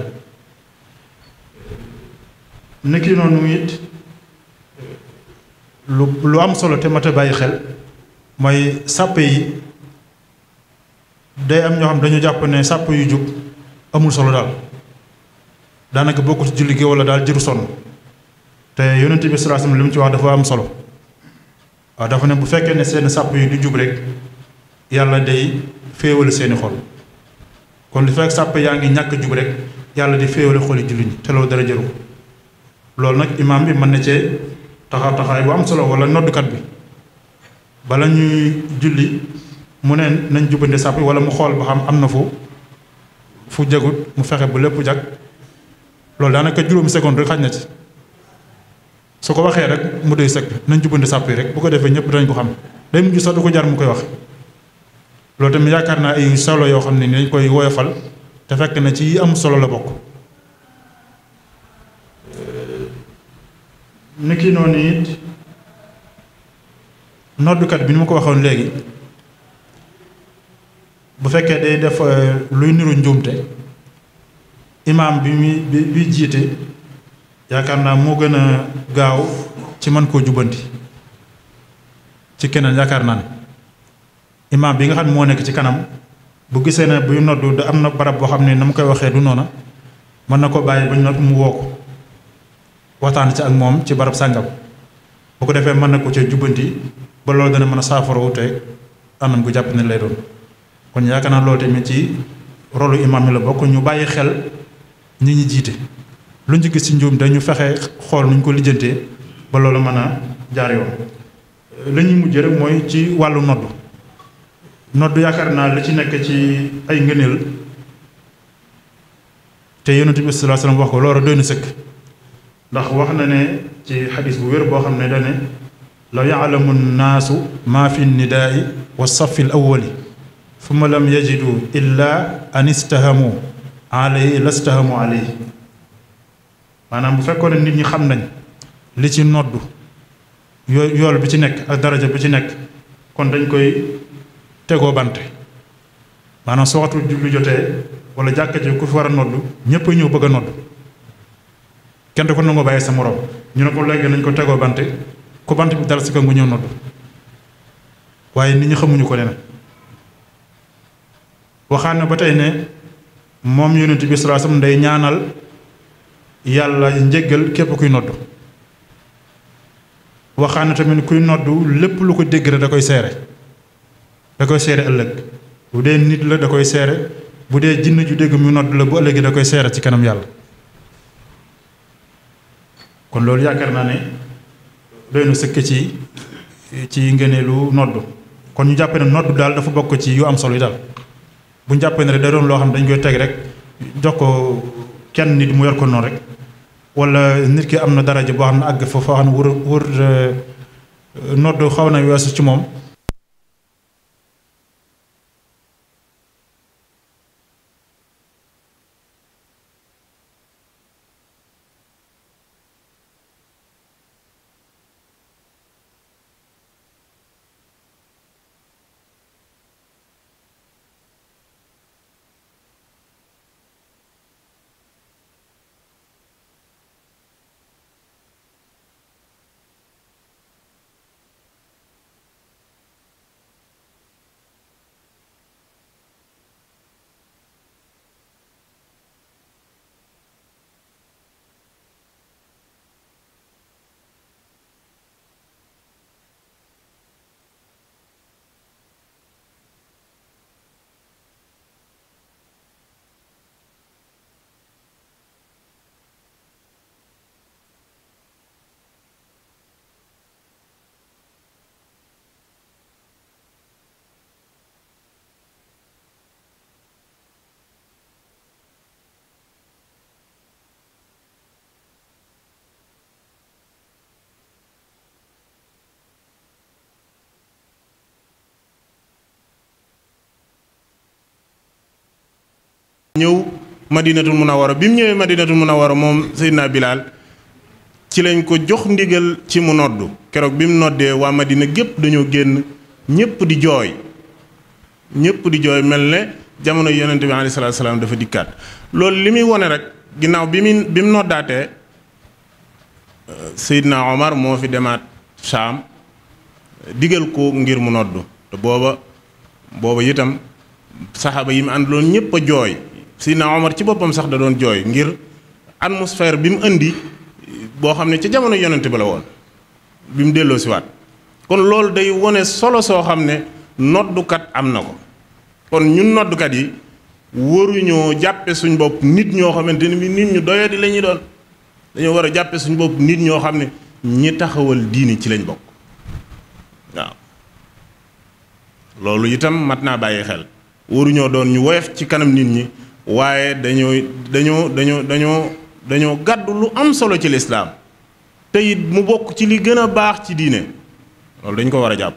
S1: nekki noonu it lu lu am solo te mat bàyyi xel mooy sàpp yi day am ñoo xam dañu jàpp ne sàpp yu jub amul solo daal daanaka bokkut ci julli gi wala daal jëru sonn. te yonent bi sallallahu alayhi li mu ci wax dafa am solo waaw dafa ne bu fekkee ne seen sàpp yi du jub rek yàlla day féewale seeni xol kon li fekk sàpp yaa ngi ñàkk jub rek yàlla di féewale xoli jullit ñi te loolu dara jëru ko loolu nag imaam bi mën na cee taxaw taxaay bu am solo wala noddukat bi bala ñuy julli mu ne nañ jubante sàpp yi wala mu xool ba xam am na fu fu jagut mu fexe bu lépp jag loolu daanaka juróomi seconde rek xaj na ci su ko waxee rek mu doy sëkk nañ jubbante sàpp yi rek bu ko defee ñëpp dañ ko xam day mujj sax du ko jar mu koy wax loolu tamit yaakaar naa ay solo yoo xam ne ni dañ koy woyofal te fekk na ci am solo la bokk niki noonu it noddukat bi ni ma ko waxoon léegi bu fekkee day def luy niru njuumte imaam bi muy bi jiite yaakaar naa moo gën a gaaw ci mën koo jubbanti ci keneen yaakaar naa ne imaam bi nga xam ne moo nekk ci kanam bu gisee na buy noddu da am na barab boo xam ne na mu koy waxee du noona mën na ko bàyyi ba ñu nodd mu woo waxtaan ci ak moom ci barab sàngam bu ko defee mën na ko ci jubanti ba loolu dana mën a saafara wutee anam gu jàpp ne lay doon kon yaakaar naa loolu tamit ci rolu imaam yi la bokk ñu bàyyi xel ni ñi jiite lu ñu gis si njuum dañu fexe xool nu ñu ko lijjantee ba loolu mën a jaar yoon mujj ñuy rek mooy ci wàllu nodd nodd yaakaar naa li ci nekk ci ay ngëneel te yonent bi sallallahu alayhi wasallam wax ko loolu doy na sëkk ndax wax na ne ci xadis bu wér boo xam ne dane law yaalamu nnaasu maa fi nidaai wa safi l awali summa lam yajidu illa an istahamu alayhi lastahamu maanaam bu fekkoon nit ñi xam nañ li ci noddu yoo yool bi ci nekk ak daraja bi ci nekk kon dañ koy tegoo bante maanaam su waxtu jublu jotee wala jàkka ji ku fi war a noddu ñépp a ñëw bëgg a noddu kenn du ko nangoo bàyyi sa moroom ñu ne ko léegi nañ ko tegoo bante ku bant bi dal si ko ñëw noddu waaye nit ñi xamuñu ko leneen waxaan na ba tey ne moom yonent bi sallallahu alayhi wasallam day ñaanal yàlla njëggal képp kuy noddu waxaana tamit kuy noddu lépp lu ko dégg rek da koy seere da koy seere ëllëg bu dee nit la da koy seere bu dee jinn ju dégg mu nodd la bu ëllëgee da koy seere ci kanam yàlla kon loolu yaakaar naa ne doy na sëkk ci ci ngëneelu noddu kon ñu jàppee ne daal dafa bokk ci yu am solo yi daal bu ñu jàppee ne rek da doon loo xam dañ koy teg rek jox ko kenn nit mu yor ko noonu rek wala nit ki am na daraja boo xam ne àgg fa foo xam ne wër wër euh, xaw na weesu ci moom
S3: ñëw madinatul war bi mu ñëwee madinatul munawara moom Seydina Bilal ci lañ ko jox ndigal ci mu noddu keroog bi mu noddee waa madina gépp dañoo génn ñëpp di jooy ñëpp di jooy mel ne jamono yonente bi alayhi salaatu dikkaat loolu li muy wone rek ginnaaw bi mu bi mu noddaatee Seydina Omar moo fi demaat Saam digal ko ngir mu noddu te booba booba itam saxaaba yi mu àndaloon ñëpp a jooy Seydina Omar ci boppam sax da doon jooy ngir atmosphère bi mu indi boo xam ne ca jamono yonent bi la woon bi mu delloo siwaat kon loolu day wone solo soo xam ne noddukat am na ko kon ñun noddukat yi waruñoo jàppe suñ bopp nit ñoo xamante ni bi nit ñu doyadi la ñuy doon dañoo war a jàppe suñ bopp nit ñoo xam ne ñi taxawal diini ci lañ bokk waaw loolu itam mat naa bàyyi xel waruñoo doon ñu woyof ci kanam nit ñi waaye dañoo dañoo dañoo dañoo dañoo gàddu lu am solo ci lislaam te it mu bokk ci li gën a baax ci diine loolu dañ ko war a jàpp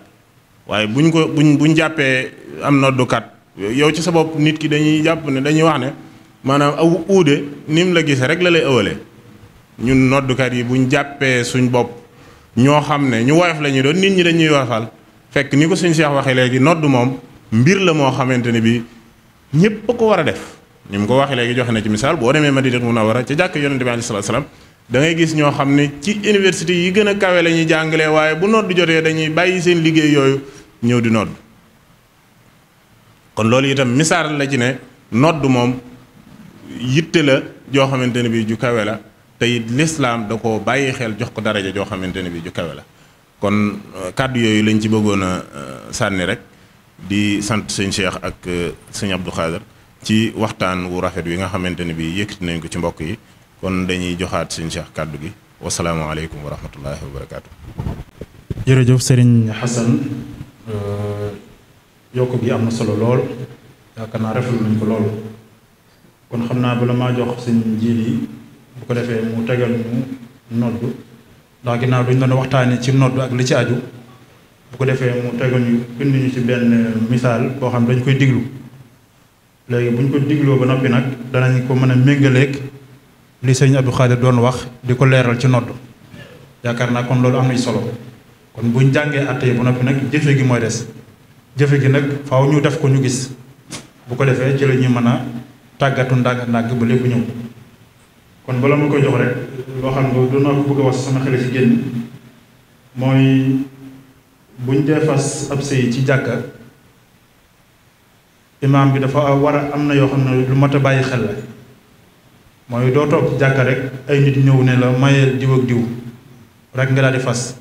S3: waaye buñ ko buñ buñ jàppee am noddukat yow ci sa bopp nit ki dañuy jàpp ne dañuy wax ne maanaam aw uude ni la gisee rek la lay ëwalee ñun noddukat yi buñ jàppee suñ bopp ñoo xam ne ñu woyof la ñu doon nit ñi dañuy woyofal fekk ni ko suñ seex waxee léegi nodd moom mbir la moo xamante ne bii ñépp a ko war a def ni mu ko waxee léegi joxe na ci misaal boo demee Madinatul Munawwara ca jàkk yonente bi alayhi salaatu salaam da ngay gis ñoo xam ne ci université yi gën a kawe la ñuy jàngalee waaye bu nodd jotee dañuy bàyyi seen liggéey yooyu ñëw di nodd kon loolu itam misaal la ci ne nodd moom yitte la joo xamante ne bii ju kawe la tey it lislaam da ko bàyyi xel jox ko daraja joo xamante ne bii ju kawe la kon euh, kàddu yooyu lañ ci bëggoon a euh, sànni rek di sant sëñ Cheikh ak euh, sëñ Abdou Khader ci waxtaan wu rafet wi nga xamante ne bii yëkkati nañ ko ci mbokk yi kon dañuy joxaat suñu Cheikh kàddu gi wasalaamaaleykum wa rahmatullahi wa barakaatu.
S1: jërëjëf Serigne Hassan euh, yokk gi am na solo lool yaakaar naa rafetlu nañ ko lool kon xam naa bala maa jox suñ njiit yi bu ko defee mu tegal mu nodd ndax ginnaaw duñ doon waxtaanee ci nodd ak li ci aju bu ko defee mu tegal ñu bind ñu ci benn misaal boo xam dañ koy diglu. léegi bu ñu ko digloo ba noppi nag danañ ko mën a méngaleeg li sëñ Abdou Khadir doon wax di ko leeral ci nodd yaakaar naa kon loolu am na solo kon bu ñu jàngee àtte ba noppi nag jëfe gi mooy des jëfe gi nag faw ñu def ko ñu gis bu ko defee ci la ñuy mën a tàggatu ndànk ndànk ba lépp ñëw kon bala ma koy jox rek loo xam nga doon naa ko bëgg a wax sama xel ci génn mooy buñ dee fas ab sëy ci jàkka imaam bi dafa war a am na yoo xam ne lu mat a bàyyi xel la mooy doo toog jàkka rek ay nit ñëw ne la mayeel diw ak diw rek nga daal di fas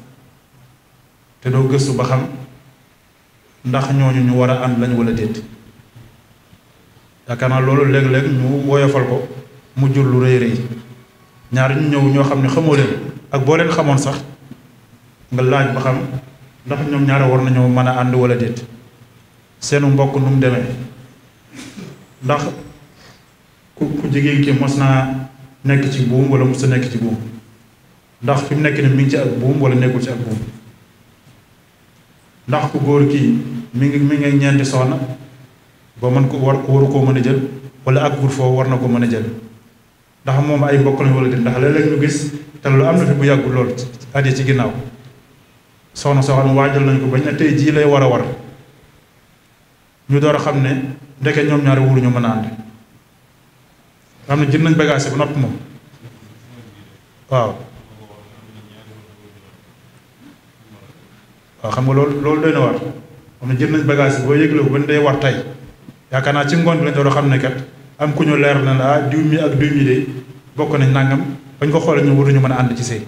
S1: te doo gëstu ba xam ndax ñooñu ñu war a ànd lañ wala déet yaakaar naa loolu léeg-léeg ñu woyofal ko mu jur lu rëy rëy ñaar ñu ñëw ñoo xam ne xamoo leen ak boo leen xamoon sax nga laaj ba xam ndax ñoom ñaara war nañoo mën a ànd wala déet seenu mbokk nu mu demee ndax ku ku jigéen ki mos naa nekk ci buum wala mos sa nekk ci buum ndax fi mu nekk ni mi ngi ci ak buum wala nekkul ci ak buum ndax ku góor kii mi ngi mi ngi ñeenti soxna ba mën ko war waru koo mën a jël wala ak wut foofu war na ko mën a jël ndax moom ay mbokk lañu wala di ndax léeg-léeg gis te lu am na fi bu yàggul lool at yi ci ginnaaw soxna soxna waajal nañ ko bañ na tey jii lay war a war ñu door a xam ne ndeke ñoom ñaari wuruñu mën a ànd xam ne jënd nañ bagage bu noppi moom waaw waaw xam nga loolu loolu doy na war xam ne jën nañ bagage bi boo yëgle ba ñu day war tey yaakaar naa ci ngoon bi door a xam ne kat am ku ñu leer na la ah, diw mi ak diw mi de bokk nañ nangam bañ ko xoolee ñu wuruñu mën a ànd ci sëy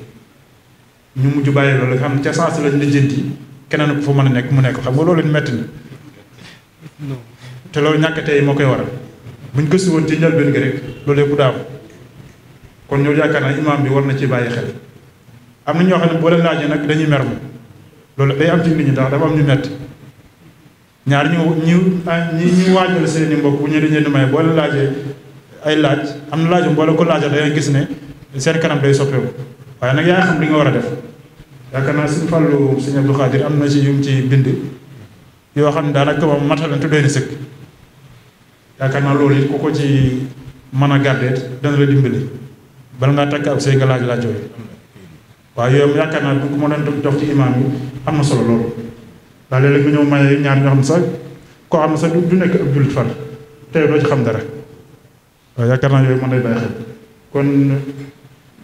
S1: ñu mujj bàyyi loolu xam ne ca sens lañ lijjanti keneen ku fa mën a nekk mu nekk xam nga loolu it metti na te loolu ñàkk moo koy waral buñ gëstu woon ci njëlbéen gi rek loolu yëpp daaw kon ñoo yaakaar naa imaam bi war na ci bàyyi xel am na ñoo xam ne boo leen nag dañuy mer loolu day am ci nit ñi ndax am ñu metti ñaar ñu ñu ah, ñi seen i mbokk bu ñu dañu leen may boo leen laajee ay laaj am na laajum boo ko laajal da gis ne seen kanam day soppeeku waaye nag yaa xam li nga war a def yaakaar naa suñu fàllu suñu Abdou Khadir am na ci yum ci bind yoo xam ne daanaka moom matalante doy na sëkk yaakaar naa loolu it ku ko ci mën a gàddeet dana la dimbali bala ngaa takk ab sëy nga laaj laaj waaye yooyu yaakaar naa bu ko mën a dox ci imaam yi am na solo loolu ndax léeg bu ñëw maye ñaar ñoo xam ne sax koo xam ne sax du nekk ab jullit far tey doo ci xam dara waaw yaakaar naa yooyu mën lay bàyyi xel kon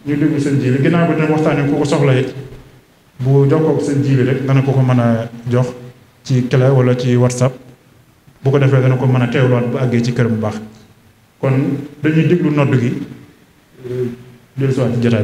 S1: ñu déglu seen ji li ginnaaw bi dina waxtaanee ku ko soxla it bu jokkoo ak seen ji bi rek dana ko ko mën a jox ci clé wala ci whatsapp bu ko defee dana ko mën a teewluwaat bu àggee ci kër bu baax kon dañuy déglu nodd gi euh, dellu si waat ci allah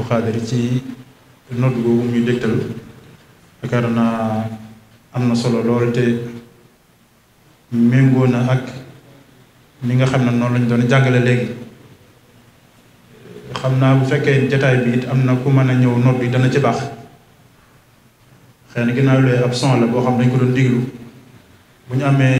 S1: Abdou Khadir ci nodd boobu ñu dégtal yaakaar naa am na solo lool te méngoo na ak ni nga xam ne noonu lañ doon jàngale léegi xam naa bu fekkee jataay bi it am na ku mën a ñëw nodd yi dana ci baax xëy na ginnaaw lay ab son la boo xam dañ ko doon diglu bu ñu amee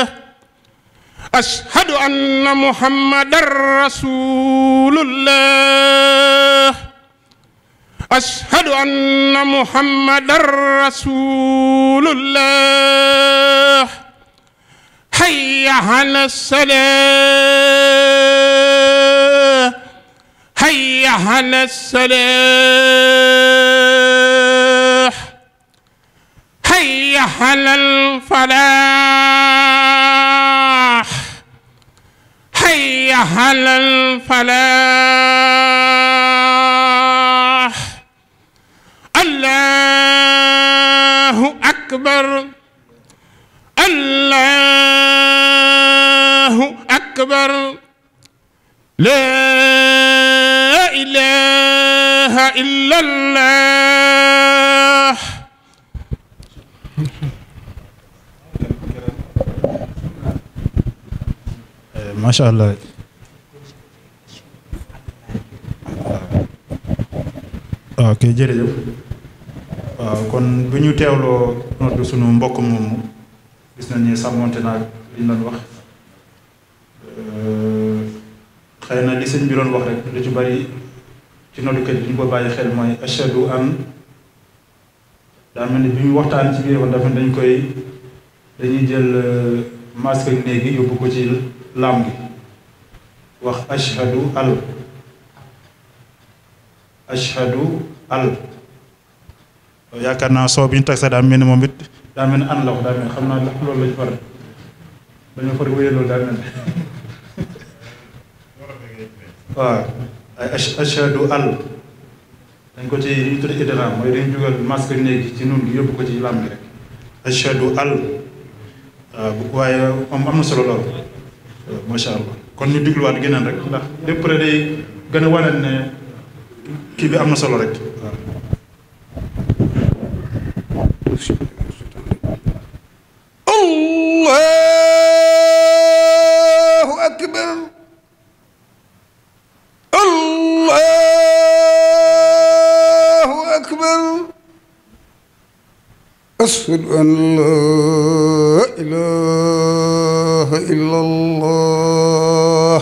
S4: ashhadu anna muhammadan rasulullah ashhadu anna muhammadan rasulullah hayya ala salah hayya ala salah hayya ala falah على الفلاح الله أكبر الله أكبر لا إله إلا الله
S1: ما شاء الله waaw ah, kay jërëjëf waaw ah, kon bu ñu teewloo nodd sunu mbokk moomu gis nañ ni sàmmoonte naag li ñu doon wax eh, xëy na li sëñ bi doon wax rek lu ci bari ci noddukat bi ñu ko bàyyi xel mooy ashadu an daa bi ñu waxtaan ci biir woon dafa dañ koy dañuy jël masque ak néegi yóbbu ko ci laam gi wax ashadu al ashhadu al yaakaar naa soo bi ñu teg sax daa mel ni moom it daa mel ni an la ko daa mel xam naa ndax loolu lañ faral dañoo faral wéyal loolu daa mel ni waaw ay ashhadu al dañ ko ci ñu tudd idram mooy dañ jógal masque ci nun gi ko ci al waaye moom am na solo lool macha allah kon ñu digluwaat geneen rek ndax lépp rek day gën a wane ne kii bi am na solo rek
S5: la ilaha illa allah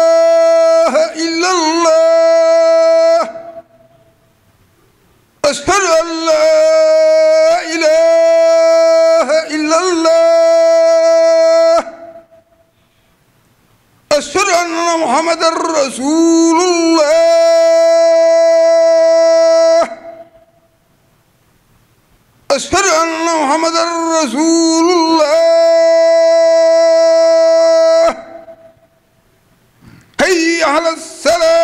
S5: anna muhammadan rasulullah ashhadu anna muhammadan rasulullah hayya ala salam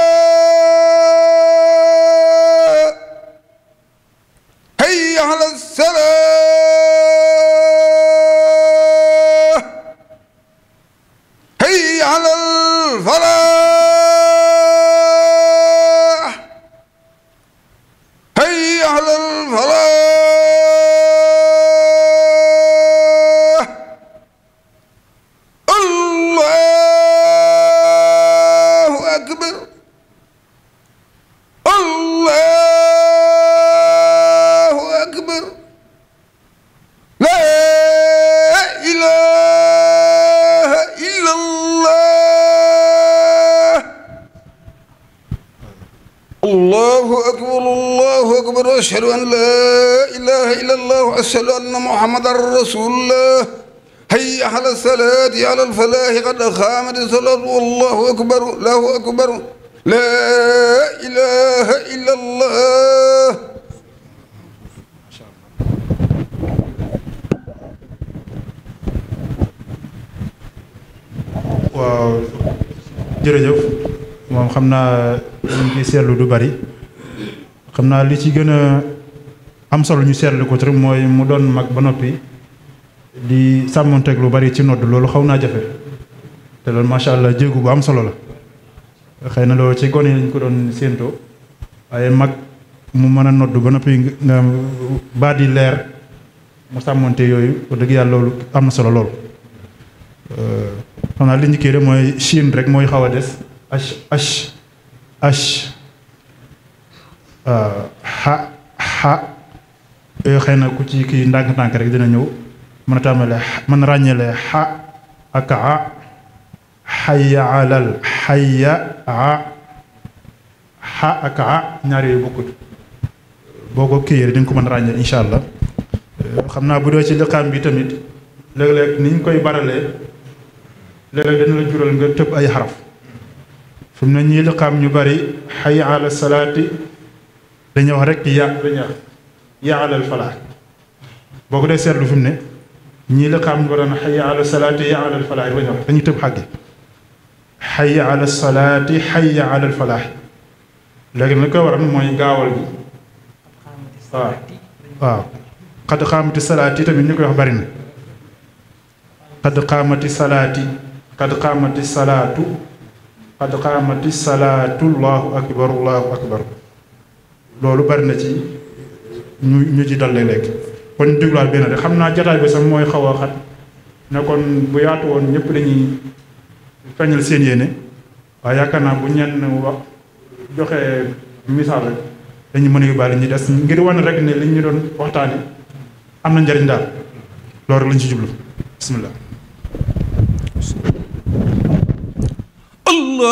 S5: an laa ilaha illa allah wa ashhadu anna muhammadan rasulullah hayya ala salaati ala alfalaahi qad qaamat salaatu allahu akbar allahu akbar laa ilaha illa allah
S1: waaw jërëjëf moom xam naa li seetlu du bari xam naa li ci gën a am solo ñu seetlu ko ci mooy mu doon mag ba noppi di sàmmonteeg lu bari ci noddu loolu xaw naa jafe te loolu macha allah jéegu bu am solo la xëy na loolu ci gone lañ ko doon séentoo waaye mag mu mën a noddu ba noppi nga baat yi leer mu sàmmoonte yooyu wax dëgg yàlla loolu am na solo lool. xanaa li ñu kii rek mooy Chine rek mooy xaw a des H H H ah, yooyu xëy na ku ci kii ndànk-ndànk rek dina ñëw mën a tàmbalee mën ràññelee xa ak a xayya alal xayya a xa ak a ñaar yooyu bokkut boo ko kii dañ ko mën ràññee incha allah euh, xam naa bu dee ci liqaam bi tamit léeg-léeg ni ñu koy baralee léeg-léeg dana jural nga tëb ay xaraf fi mu ne liqaam ñu bari xayya ala salaati dañuy wax rek ya ya alal falaax boo ko dee seetlu fi mu ne ñii la xam ñu ko daan xayya ala salaati yaa alal falaax ba ñu wax dañuy tëb xàggi xayya ala salaati xayya alal falaax léegi nag ko waral mooy gaawal gi waaw xadd xaamati salaati tamit ñu koy wax bari na xadd xaamati salaati xadd xaamati salaatu xadd xaamati salaatu allahu akbar allahu akbar loolu bari na ci ñu ñu ci dal léeg-léeg kon juglaat benn de xam naa jataay bi sax mooy xaw a xat ne kon bu yaatu woon ñëpp dañuy feeñal seen yéene waaye yaakaar naa bu ñenn wax joxe misaal rek dañu mën a yóbbaale ñi des ngir wane rek ne li ñu doon waxtaani am na njariñ daal loolu rek lañ ci jublu bismillah
S6: Allah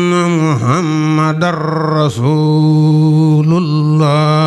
S6: محمد رسول الله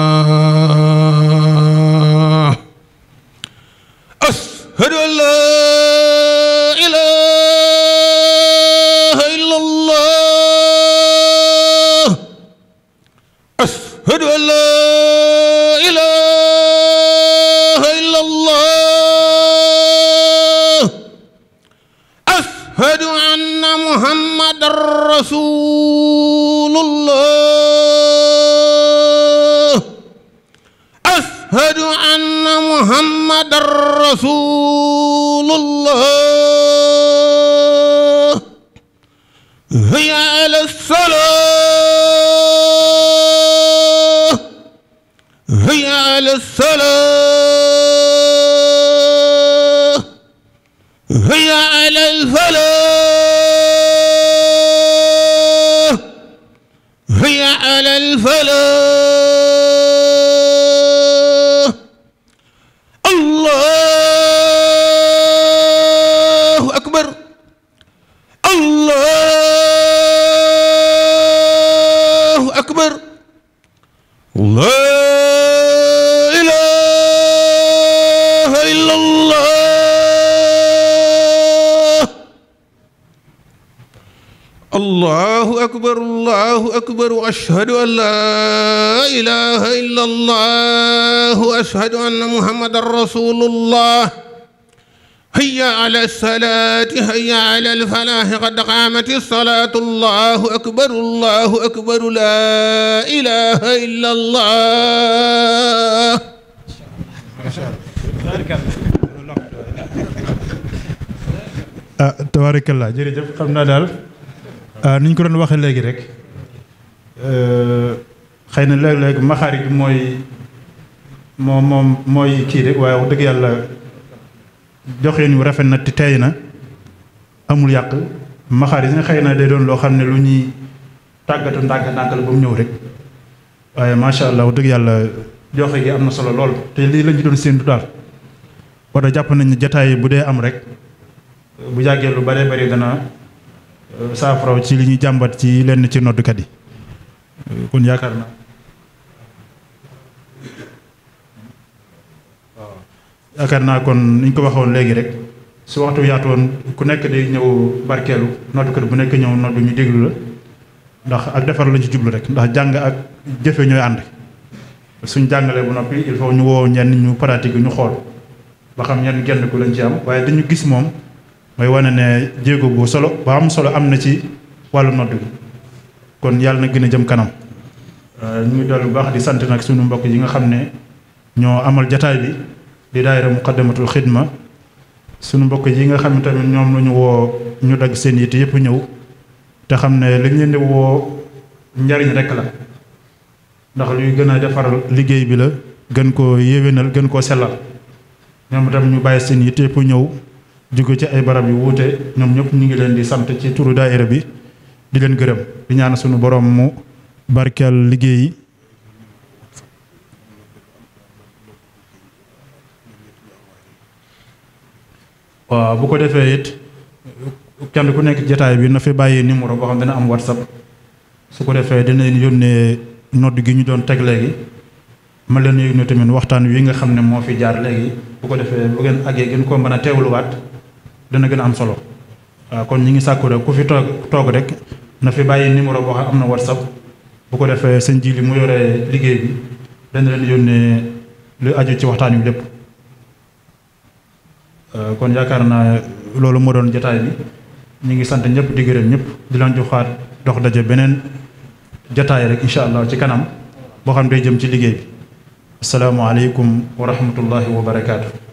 S6: allahu akbar allahu akbar wa ashhadu an laa ilaha illa allah wa ashhadu anna muhammadan rasulullah hayya ala salaati hayya ala alfalaahi qad qaamati salaatu allahu akbar allahu akbar laa ilaha illa allah
S1: ah tabaarakallah jërëjëf xam naa daal Euh, ni ñu ko doon waxee léegi rek euh, xëy na léeg-léeg maxaari bi mooy moom moom mooy kii rek waaye wax dëgg yàlla joxeen wu rafet na tey na amul yàq maxaari si nga xëy na day doon loo xam ne lu ñuy tàggatu ndànk ndànk la ba ñëw rek waaye dëgg yàlla joxe gi am na solo lool te lii lañu doon séentu daal wala jàpp nañu jataay bu dee am rek bu jàggee lu bare bare dana saafaraw ci li ñuy jàmbat ci lenn ci noddukat kon yaakaar naa waaw yaakaar naa kon ni ñu ko waxoon léegi rek su waxtu yaatoon ku nekk day ñëw barkeelu noddukat bu nekk ñëw noddu ñu déglu la ndax ak defar lañ ci jublu rek ndax jàng ak jëfe ñooy ànd suñ jàngalee bu noppi il faut ñu woo ñenn ñu pratique ñu xool ba xam ñenn genn ku lañ ci am waaye dañu gis moom mooy wane ne jéego bu solo ba am solo am na ci wàllu nodd gi kon yàlla na gën a jëm kanam euh, ñu ngi bu baax di sant nag suñu mbokk yi nga xam ne ñoo amal jataay bi di daayira muqaddamatul xidma mbokk yi nga xam ne ñoom lañu woo ñu dagg seen yit yëpp ñëw te xam ne li ñu woo njariñ rek la ndax luy gën a defar liggéey bi la gën koo yéwénal gën koo sellal ñoom itam ñu bàyyi seen yitte yëpp ñëw jóge ci ay barab yu wuute ñoom ñépp ñu ngi leen di sant ci turu daayira bi di leen gërëm di ñaan sunu boroom mu barkeel liggéey yi waaw bu ko defee it kenn ku nekk jataay bi na fi bàyyi numéro boo xam dina am whatsapp su ko defee dina leen yónnee nodd gi ñu doon teg léegi ma leen yónnee tamit waxtaan wi nga xam ne moo fi jaar léegi bu ko defee bu ngeen àggee gën koo mën a teewluwaat dana gën a am solo ah, kon ñi ngi sàkku rek ku fi toog toog rek na fi bàyyi numéro boo am na whatsapp bu ko defee sëñ ji mu yoree liggéey bi dana leen yónnee lu aju ci waxtaan wi lépp ah, kon yaakaar na loolu moo doon jotaay bi ñu ngi sant ñëpp di gërëm ñëpp di leen joxaat dox daje beneen jotaay rek incha allah ci kanam boo xam day jëm ci liggéey bi asalaamaaleykum wa rahmatullahi wa barakaatu.